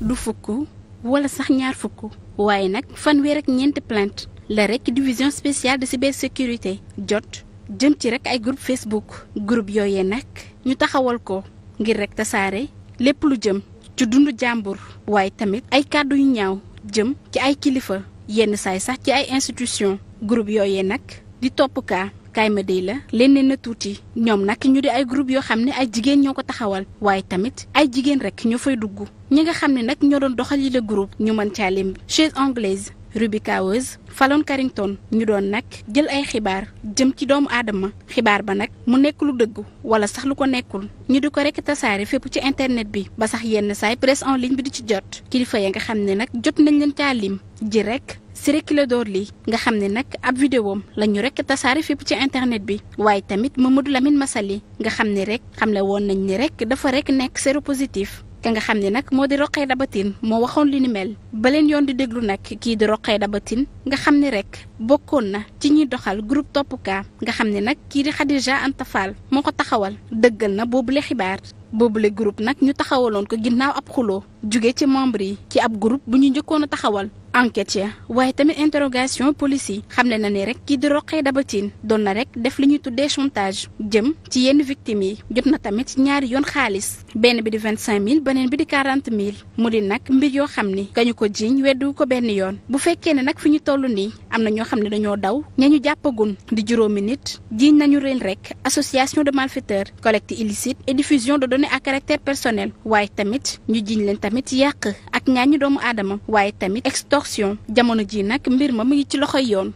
du fukk wala sax ñaar fukk waaye nag fanweer ak ñeenti plainte la rek division spéciale de sécurité jot jëm ci rek ay groupe Facebook groupe yooyee nag ñu taxawal ko ngir rek tasaare lépp lu jëm ci dundu jàmbur waaye tamit ay kàddu yu ñaaw jëm ci ay kilifa yenn saay sax ci ay institution groupe yooyee nag di topp kaa kaay ma dey la leneen na tuuti ñoom nag ñu di ay groupe yoo xam ne ay jigéen ñoo ko taxawal waaye tamit ay jigéen rek ñoo fay dugg ñi nga xam ne nag ñoo doon doxal yi groupe ñu mën caa lim chaise anglaise Ruby Kawees Fallon Carrington ñu doon nag jël ay xibaar jëm ci doomu aadama xibaar ba nag mu nekk lu dëgg wala sax lu ko nekkul ñu di ko rek tasaare fépp ci internet bi ba sax yenn saay presse en ligne bi di ci jot kilifa ya nga xam ne nag jot nañ leen caa lim ji rek. Ciré Clédor Ly nga xam ne nag ab vidéom la ñu rek tasaare fépp ci internet bi waaye tamit Mamadou Lamine Massaly nga xam ne rek xamle woon nañ ni rek dafa rek nekk séropositif ka nga xam ne nag moo di Rokhaya Dabatine moo waxoon li ni mel baleen yoon di déglu nag kii di Rokhaya Dabatine nga xam ne rek bokkoon na ci ñuy doxal groupe Topp Cas nga xam ni nag kii di Khadija Anta Fall moo ko taxawal dëggal na boobule xibaar. boobule groupe nag ñu taxawaloon ko ginnaaw ab xuloo jóge ci membre yi ci ab groupe bu ñu njëkkoon a taxawal enquête ya waaye tamit interrogation police yi xamle na ni rek kii di Roqee Dabatine doon na rek def li ñuy tuddee chantage jëm ci yenn victimes yi jot na tamit ñaari yoon xaalis benn bi di vingt cinq mille beneen bi di quarante mille mu di nag mbir yoo xam ni ka ñu ko jiiñ weddu ko benn yoon bu fekkee ne nag fi ñu toll nii am na ñoo xam ne dañoo daw ña ñu jàppagun di juróomi nit jiiñ nañu ren rek association de malfaiteurs collecte ne à personnel waaye tamit ñu jiñ leen tamit yàq ak ñaañu doomu aadama waaye tamit extorsion jamono ji nag mbir ma mu ngi ci loxo yoon